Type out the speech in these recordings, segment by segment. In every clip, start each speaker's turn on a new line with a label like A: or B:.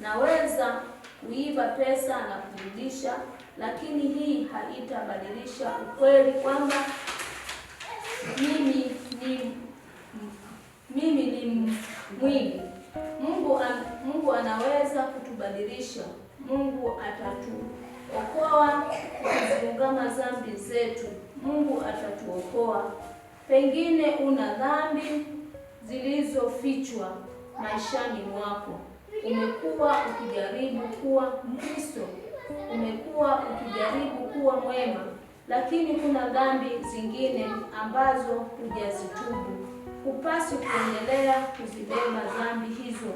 A: Naweza kuiba pesa na kurudisha, lakini hii haitabadilisha ukweli kwamba mimi ni mimi ni mwili. Mungu an, Mungu anaweza kutubadilisha. Mungu atatuokoa tukiziungama dhambi zetu. Mungu atatuokoa. Pengine una dhambi zilizofichwa maishani mwako umekuwa ukijaribu kuwa Mkristo, umekuwa ukijaribu kuwa mwema, lakini kuna dhambi zingine ambazo hujazitubu. Hupasi kuendelea kuzibeba dhambi hizo.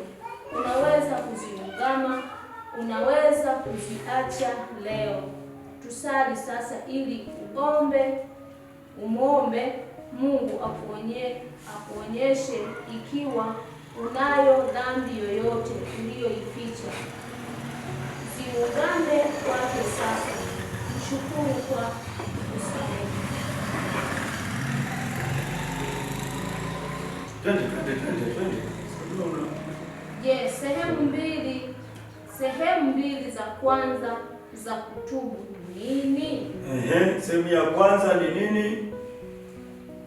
A: Unaweza kuziungama, unaweza kuziacha leo. Tusali sasa ili uombe, umwombe Mungu akuonye, akuonyeshe ikiwa unayo dhambi yoyote uliyoificha, ziungane kwake sasa, mshukuru kwa kusamehe. Je, sehemu mbili sehemu mbili za kwanza za kutubu nini?
B: Ehe, sehemu ya kwanza ni nini?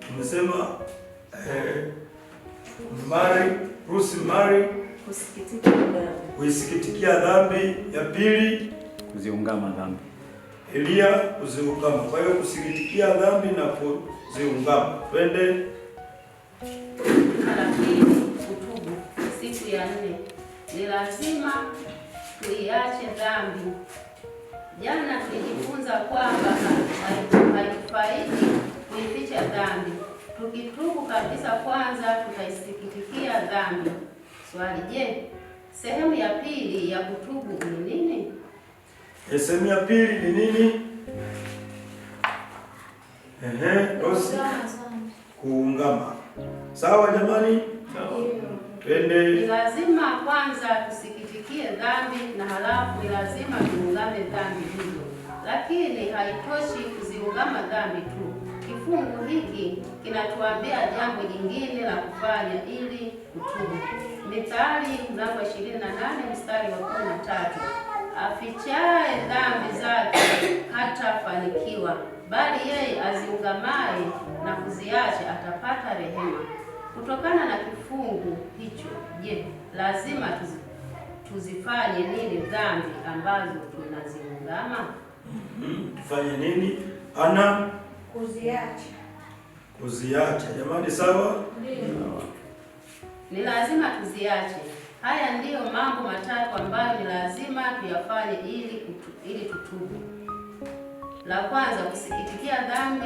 B: Tumesema eh, mbari Rosemary, kuisikitikia dhambi ya pili,
C: kuziungama dhambi.
B: Elia, kuziungama. Kwa hiyo kusikitikia dhambi na kuziungama, twende
A: kutubu. Siku ya nne ni lazima tuiache dhambi. Jana tulijifunza kwamba haifaidi kuificha dhambi Tukitubu kabisa kwanza tutaisikitikia dhambi. Swali, je, sehemu ya pili ya kutubu ni nini?
B: Sehemu ya pili ni nini? Ehe, kuungama. Sawa jamani? Sawa. Ni
A: Lazima kwanza tusikitikie dhambi na halafu ni lazima tuungame dhambi hizo. Lakini haitoshi kuziungama dhambi tu. Kifungu hiki kinatuambia jambo jingine la kufanya ili kutubu. Mithali mlango ishirini na nane mstari wa kumi na tatu afichaye dhambi zake hatafanikiwa, bali yeye aziungamaye na kuziacha atapata rehema. Kutokana na kifungu hicho, je, lazima tuzifanye nini dhambi ambazo tunaziungama?
B: Hmm, tufanye nini? Ana
A: Kuziacha.
B: Kuziacha. Jamani sawa?
A: Ni lazima tuziache. Haya ndiyo mambo matatu ambayo ni lazima tuyafanye ili kutu, ili tutubu. La kwanza kusikitikia dhambi.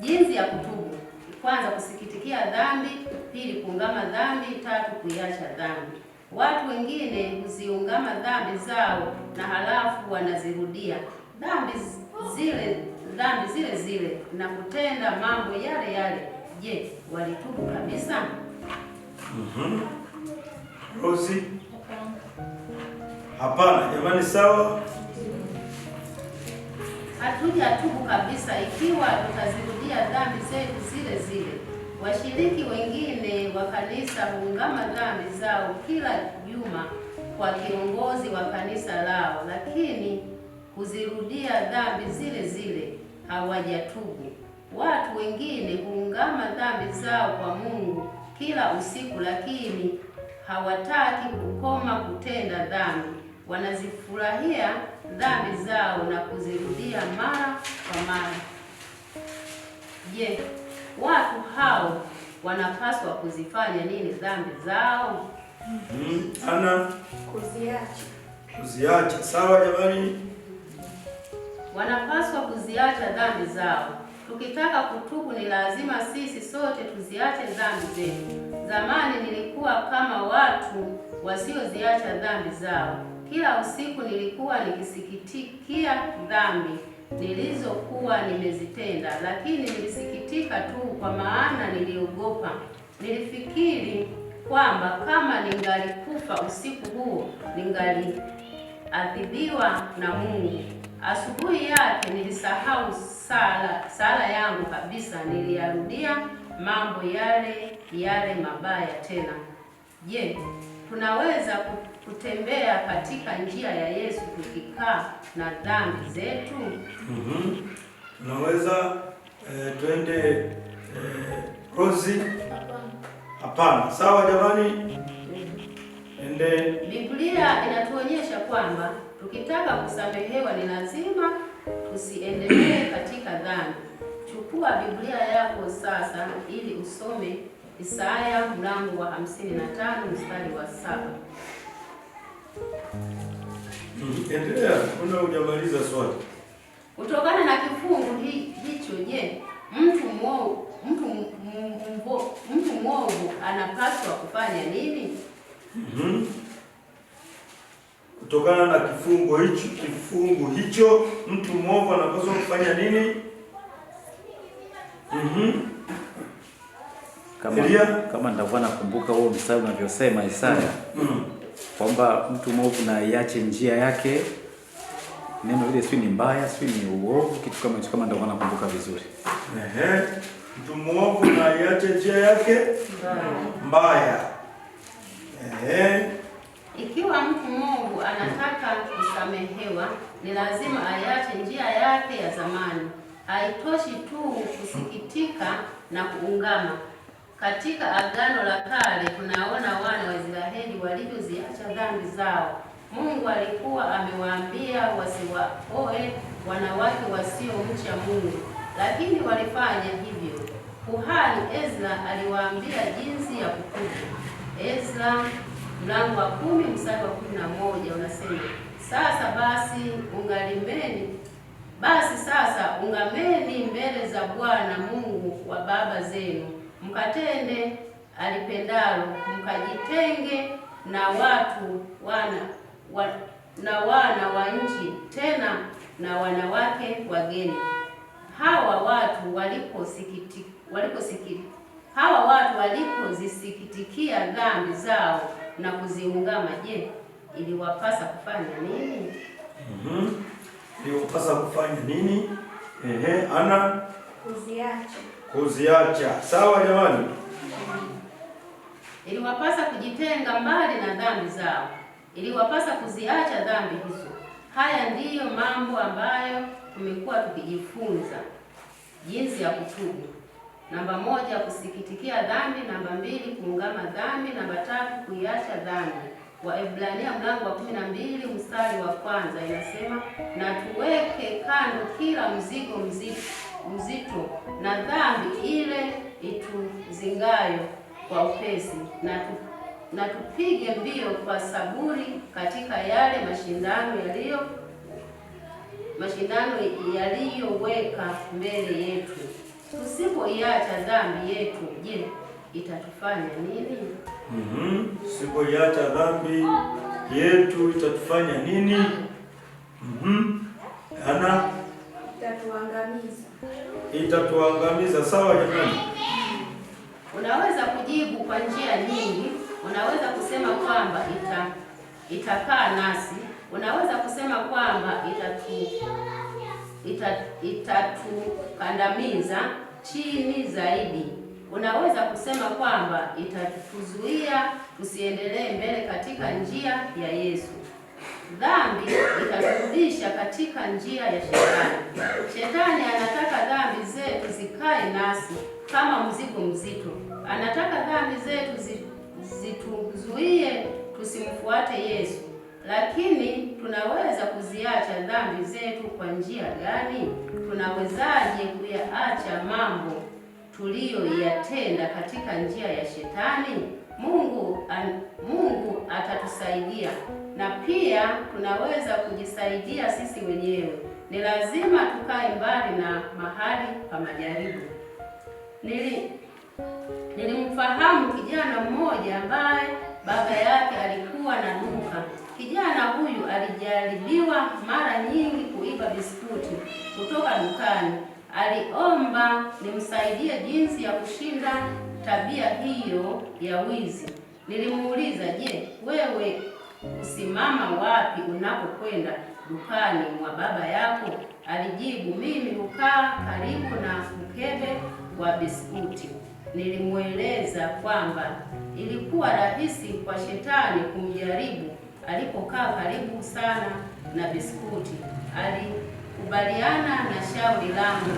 A: Jinsi ya kutubu: kwanza kusikitikia dhambi, pili kuungama dhambi, tatu kuiacha dhambi. Watu wengine huziungama dhambi zao na halafu wanazirudia dhambi zile dhambi zile zile na kutenda mambo yale yale, je, walitubu kabisa?
B: mm -hmm. Rosi, hapana jamani, sawa
A: hatujatubu kabisa. Ikiwa tutazirudia dhambi zetu zile zile, washiriki wengine wa kanisa huungama dhambi zao kila juma kwa kiongozi wa kanisa lao, lakini kuzirudia dhambi zile zile hawajatubu. Watu wengine huungama dhambi zao kwa Mungu kila usiku, lakini hawataki kukoma kutenda dhambi. Wanazifurahia dhambi zao na kuzirudia mara kwa mara. Je, watu hao wanapaswa kuzifanya nini dhambi zao?
B: Mm, ana
A: kuziacha,
B: kuziacha. Sawa jamani
A: wanapaswa kuziacha dhambi zao. Tukitaka kutubu, ni lazima sisi sote tuziache dhambi zetu. Zamani nilikuwa kama watu wasioziacha dhambi zao. Kila usiku nilikuwa nikisikitikia dhambi nilizokuwa nimezitenda, lakini nilisikitika tu, kwa maana niliogopa. Nilifikiri kwamba kama ningalikufa usiku huo, ningaliadhibiwa na Mungu. Asubuhi yake nilisahau sala sala yangu kabisa, niliyarudia mambo yale yale mabaya tena. Je, tunaweza kutembea katika njia ya Yesu tukikaa na dhambi zetu?
B: mm -hmm. Tunaweza eh, twende eh, rozi? Hapana. Sawa jamani, ende
A: Biblia inatuonyesha kwamba Tukitaka kusamehewa, ni lazima tusiendelee katika dhambi. Chukua Biblia yako sasa ili usome Isaya mlango wa 55 mstari wa saba.
B: Hmm, endelea, kuna hujamaliza swali.
A: Kutokana na kifungu hicho, je, mtu mwovu mtu mwovu anapaswa kufanya nini?
B: Hmm, Kutokana na kifungo hicho kifungu hicho mtu mwovu anapaswa kufanya nini? mm Kama Kama,
C: kama nitakuwa nakumbuka huo mstari unavyosema Isaya mm-hmm. kwamba mtu mwovu na iache njia yake, neno ile sio ni mbaya, sio ni uovu, kitu kama hicho, kama nitakuwa nakumbuka vizuri.
B: Ehe, mtu mwovu na iache njia yake
D: mbaya, mbaya.
B: Ehe.
A: Ikiwa mtu mwovu anataka kusamehewa, ni lazima ayache njia yake ya zamani. Haitoshi tu kusikitika na kuungama. Katika Agano la Kale tunaona wana wa Israeli walivyoziacha dhambi zao. Mungu alikuwa amewaambia wasiwaoe wanawake wasiomcha Mungu, lakini walifanya hivyo. Kuhani Ezra aliwaambia jinsi ya kutubu. Ezra mlango wa kumi mstari wa kumi na moja unasema, sasa basi ungalimeni basi sasa ungameni mbele za Bwana Mungu wa baba zenu, mkatende alipendalo, mkajitenge na watu wana wa, na wana wa nchi, tena na wanawake wageni. Hawa watu waliposikitiki waliposikitiki hawa watu walipozisikitikia dhambi zao na kuziungama, je, iliwapasa kufanya nini?
B: mm -hmm. Iliwapasa kufanya nini? Ehe, ana
A: kuziacha,
B: kuziacha. Sawa jamani, mhm.
A: iliwapasa kujitenga mbali na dhambi zao, iliwapasa kuziacha dhambi hizo. Haya ndiyo mambo ambayo tumekuwa tukijifunza jinsi ya kutubu Namba moja, kusikitikia dhambi. Namba mbili, kuungama dhambi. Namba tatu, kuiacha dhambi. Waebrania mlango wa kumi na mbili mstari wa kwanza inasema, na tuweke kando kila mzigo mzito na dhambi ile ituzingayo kwa upesi, na tu, na tupige mbio kwa saburi katika yale mashindano yaliyo mashindano yaliyoweka mbele yetu. Tusipoiacha dhambi yetu, je, itatufanya nini?
B: mm Tusipoiacha dhambi yetu itatufanya nini? mm Ana
A: itatuangamiza,
B: itatuangamiza. Sawa jamani,
A: unaweza kujibu kwa njia nyingi. Unaweza kusema kwamba ita itakaa nasi, unaweza kusema kwamba itatu itatukandamiza chini zaidi. Unaweza kusema kwamba itatuzuia tusiendelee mbele katika njia ya Yesu. Dhambi itaturudisha katika njia ya Shetani. Shetani anataka dhambi zetu zikae nasi kama mzigo mzito. Anataka dhambi zetu zituzuie tusimfuate Yesu. Lakini tunaweza kuziacha dhambi zetu kwa njia gani? Tunawezaje kuyaacha mambo tuliyoyatenda katika njia ya Shetani? Mungu an, Mungu atatusaidia na pia tunaweza kujisaidia sisi wenyewe. Ni lazima tukae mbali na mahali pa majaribu. Nili nilimfahamu kijana mmoja ambaye baba yake alikuwa na duka Kijana huyu alijaribiwa mara nyingi kuiba biskuti kutoka dukani. Aliomba nimsaidie jinsi ya kushinda tabia hiyo ya wizi. Nilimuuliza, je, wewe usimama wapi unapokwenda dukani mwa baba yako? Alijibu, mimi hukaa karibu na mkebe wa biskuti. Nilimweleza kwamba ilikuwa rahisi kwa shetani kumjaribu Alipokaa karibu sana na biskuti, alikubaliana na shauri langu,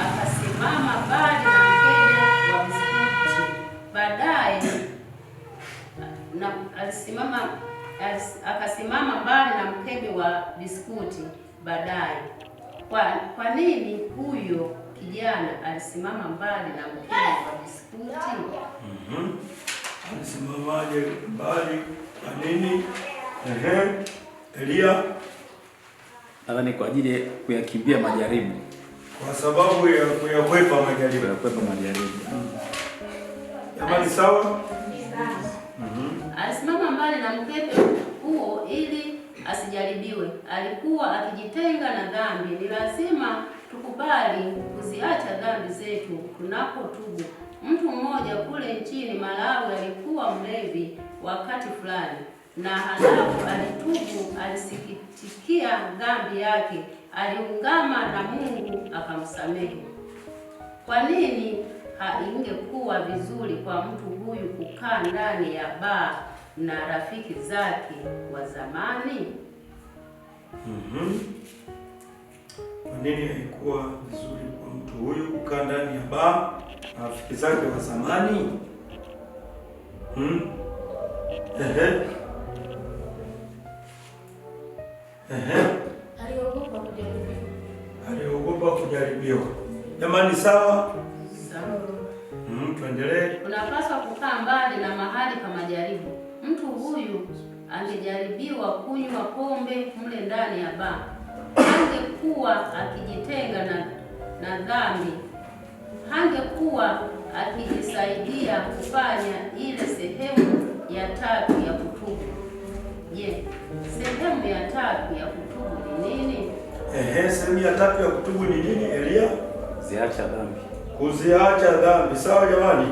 A: akasimama baada ya mkebe wa biskuti. Baadaye na alisimama akasimama mbali na mkebe wa biskuti. Baadaye, kwa kwa nini huyo kijana alisimama mbali na mkebe wa biskuti?
B: mm -hmm. Alisimamaje mbali kwa nini? Ehe, Elia,
C: nadhani kwa ajili ya kuyakimbia majaribu,
B: kwa sababu ya kuyakwepa majaribu,
C: kuyakwepa majaribu.
B: Jamani, sawa.
A: Alisimama mbali na mkete huo ili asijaribiwe. Alikuwa akijitenga na dhambi. Ni lazima tukubali kuziacha dhambi zetu tunapotubu. Mtu mmoja kule nchini Malawi alikuwa mlevi wakati fulani na halafu alitubu, alisikitikia dhambi yake, aliungama na Mungu akamsamehe. Kwa nini haingekuwa vizuri kwa mtu huyu kukaa ndani ya baa na rafiki zake wa zamani?
B: mm -hmm. Kwa nini haikuwa vizuri kwa mtu huyu kukaa ndani ya baa na rafiki zake wa zamani? hmm. Ehe. Aliogopa kujaribiwa. Jamani, sawa? Sawa. Mm, tuendelee.
A: Unapaswa kukaa mbali na mahali pa majaribu. Mtu huyu angejaribiwa kunywa pombe mle ndani ya baa, hangekuwa akijitenga na na dhambi, hangekuwa akijisaidia kufanya ile sehemu ya tatu ya kutubu. Je, Sehemu ya tatu ya ni nini?
B: Ehe, sehemu ya tatu ya kutubu ni nini, Elia?
C: Kuziacha dhambi.
B: Kuziacha dhambi. Sawa jamani?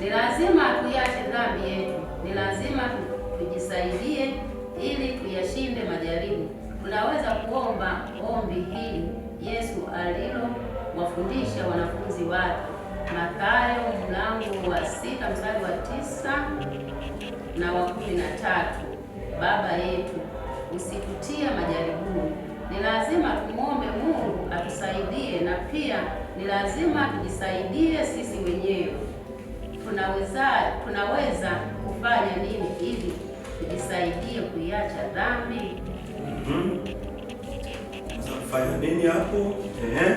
A: Ni lazima tuiache dhambi yetu, ni lazima tujisaidie ili tuyashinde majaribu. Tunaweza kuomba ombi hili Yesu alilowafundisha wanafunzi wake, Mathayo mlango wa sita mstari wa tisa na wa kumi na tatu, Baba yetu usitutie majaribuni. Ni lazima tumwombe Mungu atusaidie, na pia ni lazima tujisaidie sisi wenyewe. Tunaweza tunaweza kufanya nini ili tujisaidie kuiacha dhambi?
B: mm -hmm. Fanya nini hapo? Ehe,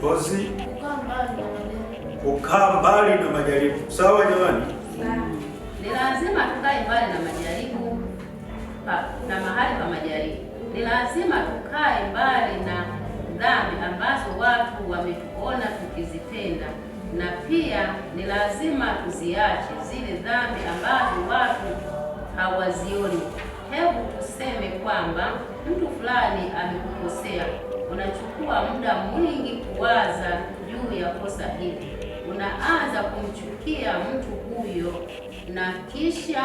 B: kozi kukaa mbali na majaribu. Sawa jamani.
A: Ni lazima tukae mbali na majaribu pa, na mahali pa majaribu. Ni lazima tukae mbali na dhambi ambazo watu wametuona tukizitenda, na pia ni lazima tuziache zile dhambi ambazo watu hawazioni. Hebu tuseme kwamba mtu fulani amekukosea, unachukua muda mwingi kuwaza juu ya kosa hili, unaanza kumchukia mtu na kisha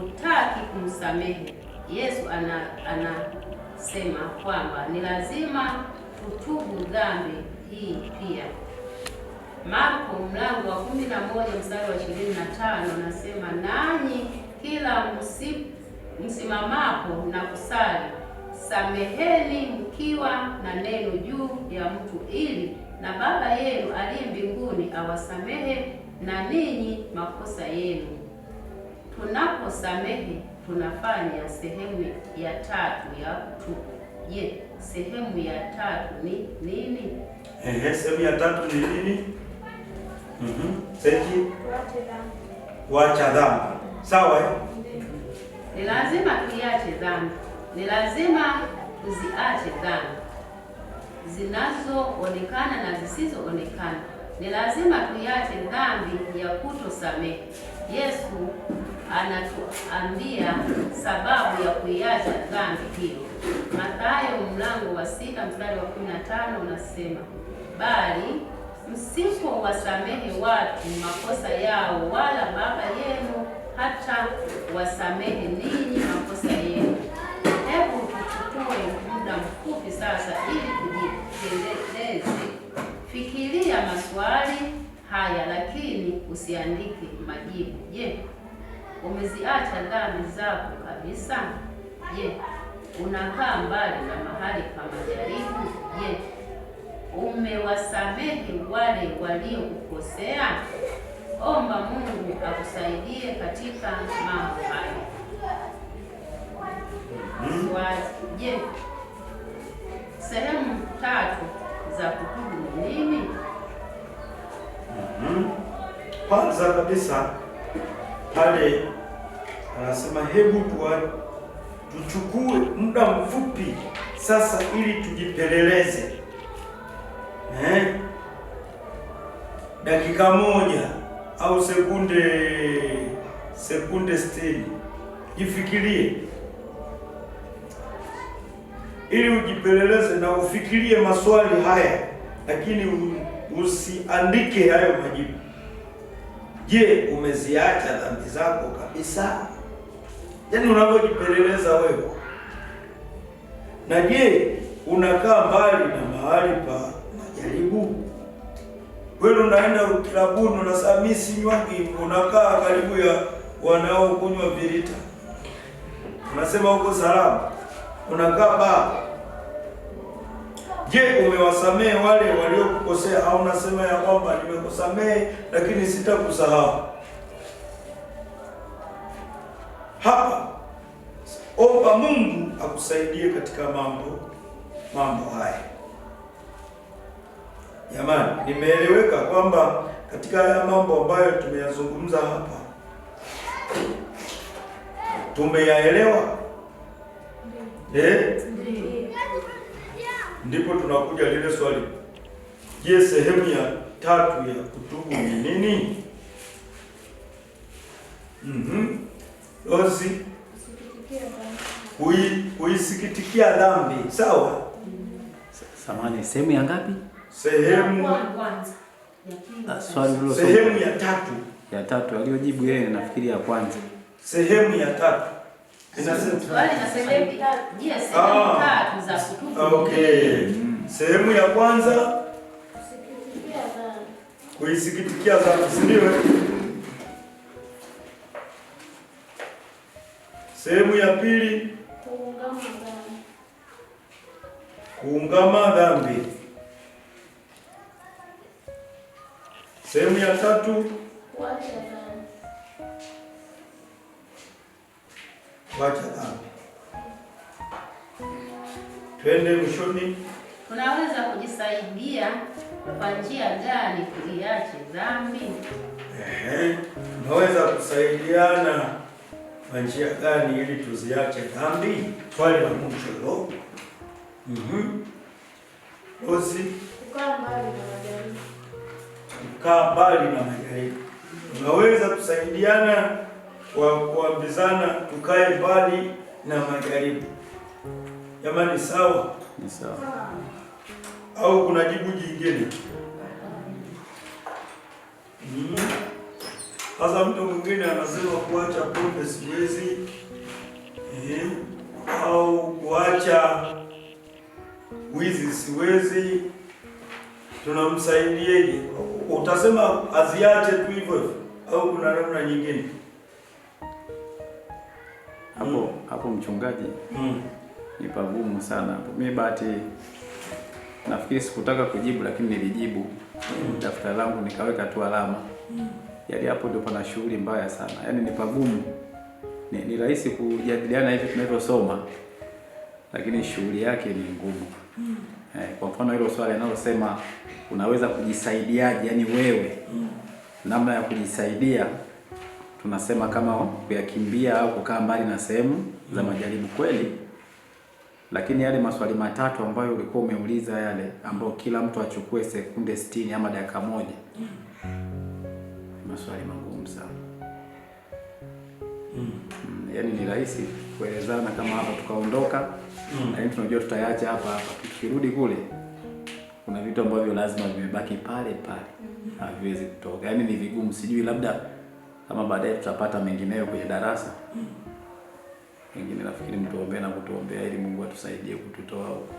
A: hutaki kumsamehe. Yesu anasema kwamba ni lazima tutubu dhambi hii pia. Marko mlango wa 11 mstari wa 25 anasema, nanyi kila msi, msimamapo na kusali sameheni mkiwa na neno juu ya mtu, ili na Baba yenu aliye mbinguni awasamehe na ninyi makosa yenu Tunaposamehe tunafanya sehemu ya tatu ya kutubu. Je, sehemu ya tatu ni nini?
B: Ehe, sehemu ya tatu ni nini? Mhm. Seki wacha dhambi. Sawa, eh?
A: Ni lazima tuiache dhambi, ni lazima tuziache dhambi zinazoonekana na zisizoonekana. Ni lazima tuiache dhambi ya kutosamehe. Yesu anatuambia sababu ya kuiacha dhambi hiyo. Mathayo mlango wa sita mstari wa 15 unasema, bali msipo wasamehe watu makosa yao, wala Baba yenu hata wasamehe ninyi makosa yenu. Hebu tuchukue muda mfupi sasa ili tujieleze. Fikiria maswali haya, lakini usiandike majibu. Je, yeah umeziacha dhambi zako kabisa? Je, unakaa mbali na mahali pa majaribu? Je, umewasamehe wale waliokukosea? Omba Mungu akusaidie katika mambo hayo. Je, sehemu tatu za kutubu ni nini?
B: Kwanza kabisa pale anasema hebu tuwa tuchukue muda mfupi sasa, ili tujipeleleze eh, dakika moja au sekunde sekunde sitini, jifikirie ili ujipeleleze na ufikirie maswali haya, lakini usiandike hayo majibu. Je, umeziacha dhambi zako kabisa? Yaani unavyojipeleleza wewe, na je unakaa mbali na mahali pa majaribu? Wewe unaenda kilabuni, unasema mimi sinywangi, unakaa karibu ya wanaokunywa virita, unasema uko salama, unakaa baa Je, umewasamehe wale waliokukosea au unasema ya kwamba nimekusamehe lakini sitakusahau? Hapa omba Mungu akusaidie katika mambo mambo haya. Jamani, nimeeleweka kwamba katika haya mambo ambayo tumeyazungumza hapa tumeyaelewa eh? ndipo tunakuja lile swali, je, sehemu ya tatu ya kutubu ni nini? mm -hmm. Kui, kuisikitikia dhambi, sawa.
C: Samani, sehemu ya ngapi?
B: Sehemu ah, sehemu ya tatu,
C: ya tatu aliyojibu yeye, nafikiri ya kwanza,
B: sehemu ya tatu Mm. Sehemu ya kwanza kuisikitikia dhambi, si Sehemu ya pili kuungama dhambi. Sehemu ya tatu
D: kuacha
B: kuacha dhambi. Twende mwishoni.
A: Tunaweza kujisaidia kwa njia gani kuiache dhambi?
B: Ehe, tunaweza kusaidiana kwa njia gani ili tuziache dhambi? Swali la mwisho lo Mhm. Osi,
D: kukaa mbali na majaribu.
B: Kukaa mbali na kusaidiana wa kuambizana tukae mbali na magharibi. Jamani, sawa ni sawa au kuna jibu jingine? Hmm. Sasa mtu mwingine anasema kuacha pombe siwezi, eh, au kuacha wizi siwezi. Tunamsaidieje? Utasema aziache tu hivyo, au kuna namna nyingine?
C: hapo mm. hapo mchungaji mm. ni pagumu sana hapo. Mimi bahati nafikiri sikutaka kujibu, lakini nilijibu mm. daftari langu nikaweka tu alama mm. yali hapo ndio pana shughuli mbaya sana, yaani ni pagumu. Ni, ni rahisi kujadiliana hivi tunavyosoma, lakini shughuli yake ni ngumu mm. Eh, kwa mfano hilo swali linalosema unaweza kujisaidiaje, yaani wewe mm. namna ya kujisaidia tunasema kama kuyakimbia au kukaa mbali na sehemu za mm. majaribu kweli, lakini yale maswali matatu ambayo ulikuwa umeuliza yale, ambayo kila mtu achukue sekunde 60 ama dakika moja, mm. maswali magumu sana. Mm. mm, yaani ni rahisi kuelezana kama hapa tukaondoka, lakini tunajua tutayaacha hapa hapa, tukirudi kule kuna vitu ambavyo lazima vimebaki pale pale, haviwezi kutoka, yaani ni vigumu, sijui labda ama baadaye tutapata mengineyo kwenye darasa. Pengine nafikiri mtuombee na kutuombea ili Mungu atusaidie kututoa huko,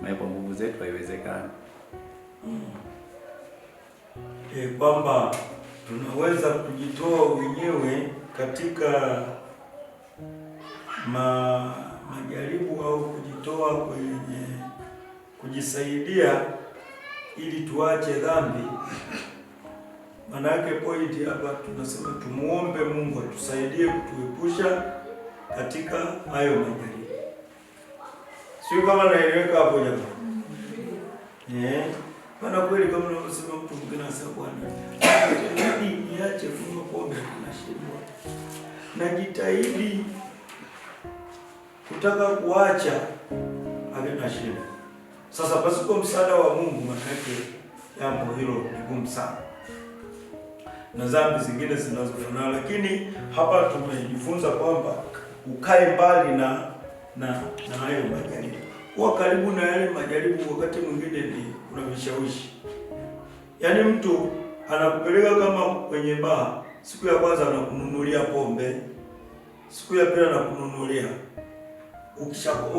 C: na kwa nguvu zetu haiwezekani
B: e, kwamba e, tunaweza kujitoa wenyewe katika ma, majaribu au kujitoa kwenye kujisaidia ili tuache dhambi Manake yake point hapa tunasema tumuombe Mungu atusaidie kutuepusha katika hayo majaribu. Sio kama naeleweka hapo jamani. Eh, maana kweli kama unasema mtu mwingine anasema bwana, niache kunywa pombe na shida. Najitahidi kutaka kuacha ale na shida. Sasa pasipo msaada wa Mungu, maana yake jambo hilo ni gumu sana na dhambi zingine zinazofanana, lakini hapa tumejifunza kwamba ukae mbali na na na hayo majaribu. Kuwa karibu na yale majaribu wakati mwingine ni kuna vishawishi, yaani mtu anakupeleka kama kwenye baa, siku ya kwanza anakununulia pombe, siku ya pili anakununulia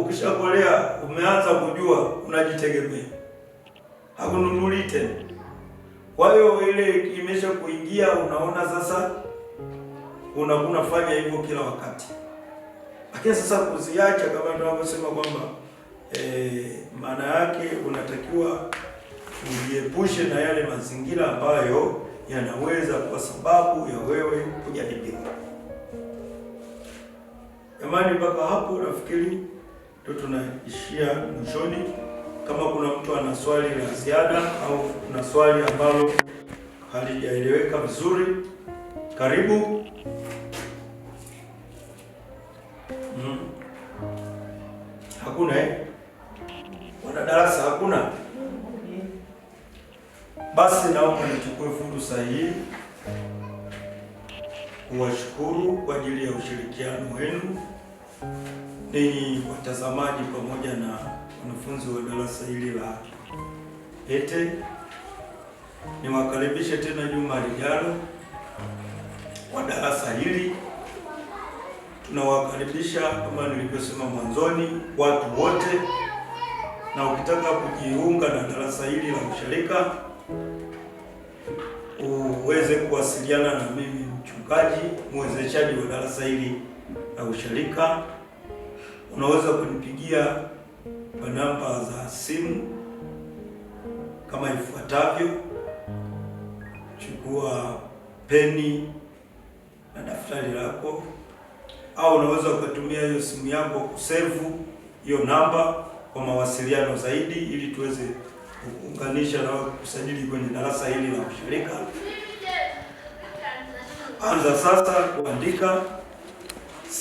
B: ukishakolea, umeanza kujua unajitegemea, hakununuli tena kwa hiyo ile imesha kuingia, unaona sasa unafanya hivyo kila wakati, lakini sasa kuziacha kama tunavyosema kwamba e, maana yake unatakiwa ujiepushe na yale mazingira ambayo yanaweza kwa sababu ya wewe kujadiliwa. Jamani, mpaka hapo nafikiri ndio tunaishia mwishoni. Kama kuna mtu ana swali la ziada au kuna swali ambalo halijaeleweka vizuri, karibu. Hmm. Hakuna eh? Wanadarasa hakuna? Basi naomba nichukue fursa hii kuwashukuru kwa ajili ya ushirikiano wenu ninyi watazamaji pamoja na wanafunzi wa darasa hili la ETE. Niwakaribishe tena juma lijalo kwa darasa hili. Tunawakaribisha kama nilivyosema mwanzoni, watu wote, na ukitaka kujiunga na darasa hili la usharika uweze kuwasiliana na mimi mchungaji mwezeshaji wa darasa hili la usharika. Unaweza kunipigia kwa namba za simu kama ifuatavyo. Chukua peni na daftari lako, au unaweza ukatumia hiyo simu yako kusevu hiyo namba kwa mawasiliano zaidi, ili tuweze kuunganisha na kusajili kwenye darasa hili la ushirika. Anza sasa kuandika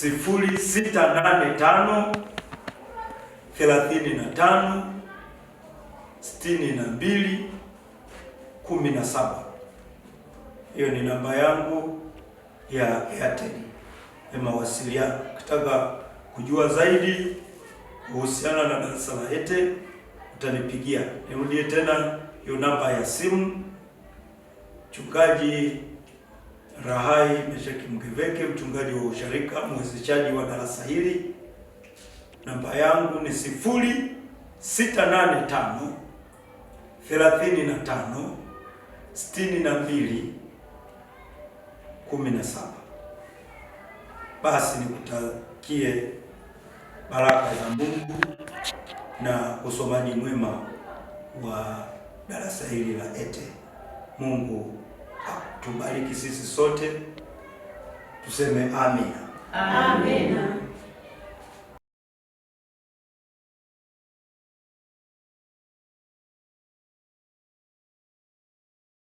B: 0685 thelathini na tano sitini na mbili kumi na saba. Hiyo ni namba yangu ya Airtel ya mawasiliano. Ukitaka kujua zaidi kuhusiana na darasa la Airtel utanipigia. Nirudie tena hiyo namba ya simu, Mchungaji Rahai Meshaki Mgeveke, mchungaji wa usharika mwezeshaji wa darasa hili namba yangu ni sifuri sita nane tano thelathini na tano sitini na mbili kumi na saba. Basi nikutakie baraka za Mungu na usomaji mwema wa darasa hili la ETE. Mungu akutubariki sisi sote, tuseme amina,
E: amina.